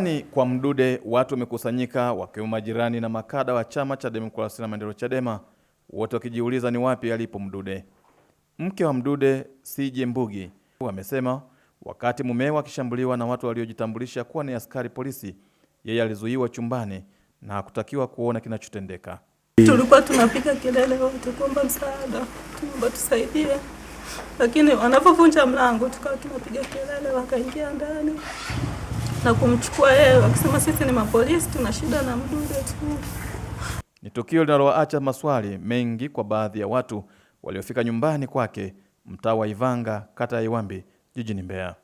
Ndani kwa Mdude watu wamekusanyika wakiwemo majirani na makada wa chama cha demokrasia na maendeleo Chadema, wote wakijiuliza ni wapi alipo Mdude. Mke wa Mdude CJ Mbugi amesema wakati mumewe akishambuliwa na watu waliojitambulisha kuwa ni askari polisi, yeye alizuiwa chumbani na hakutakiwa kuona kinachotendeka. Tulikuwa tunapiga kelele wote kuomba msaada, tuomba tusaidie, lakini wanapovunja mlango tukawa tunapiga kelele, wakaingia ndani na kumchukua yeye, wakisema sisi ni mapolisi, tuna shida na Mdude tu. Ni tukio linaloacha maswali mengi kwa baadhi ya watu waliofika nyumbani kwake mtaa wa Ivanga kata ya Iwambi jijini Mbeya.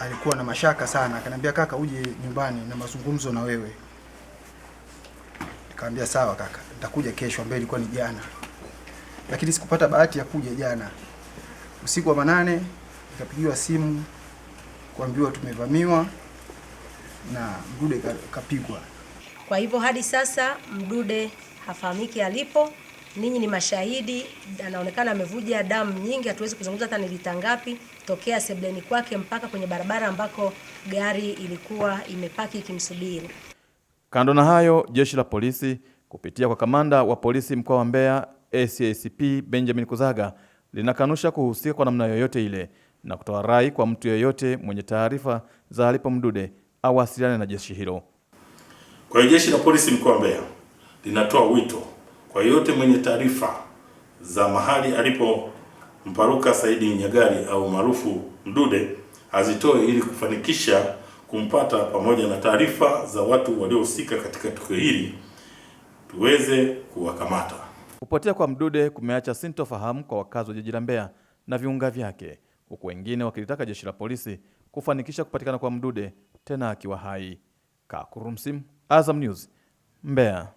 Alikuwa na mashaka sana, akaniambia kaka, uje nyumbani na mazungumzo na wewe. Nikamwambia sawa kaka, nitakuja kesho, ambaye ilikuwa ni jana, lakini sikupata bahati ya kuja jana. Usiku wa manane nikapigiwa simu kuambiwa tumevamiwa na Mdude kapigwa. Kwa hivyo hadi sasa Mdude hafahamiki alipo. Ninyi ni mashahidi, anaonekana amevuja damu nyingi. Hatuwezi kuzungumza hata ni lita ngapi tokea sebleni kwake mpaka kwenye barabara ambako gari ilikuwa imepaki ikimsubiri. Kando na hayo, jeshi la polisi kupitia kwa kamanda wa polisi mkoa wa Mbeya ACACP Benjamin Kuzaga linakanusha kuhusika kwa namna yoyote ile na kutoa rai kwa mtu yeyote mwenye taarifa za alipo Mdude awasiliane na jeshi hilo. Kwa hiyo jeshi la polisi mkoa wa Mbeya linatoa wito kwa yote mwenye taarifa za mahali alipo Mparuka Saidi Nyagali au maarufu Mdude azitoe ili kufanikisha kumpata, pamoja na taarifa za watu waliohusika katika tukio hili tuweze kuwakamata. Kupotea kwa Mdude kumeacha sintofahamu kwa wakazi wa jiji la Mbeya na viunga vyake huku wengine wakilitaka jeshi la polisi kufanikisha kupatikana kwa Mdude tena akiwa hai. Kakurumsim, Azam News, Mbeya.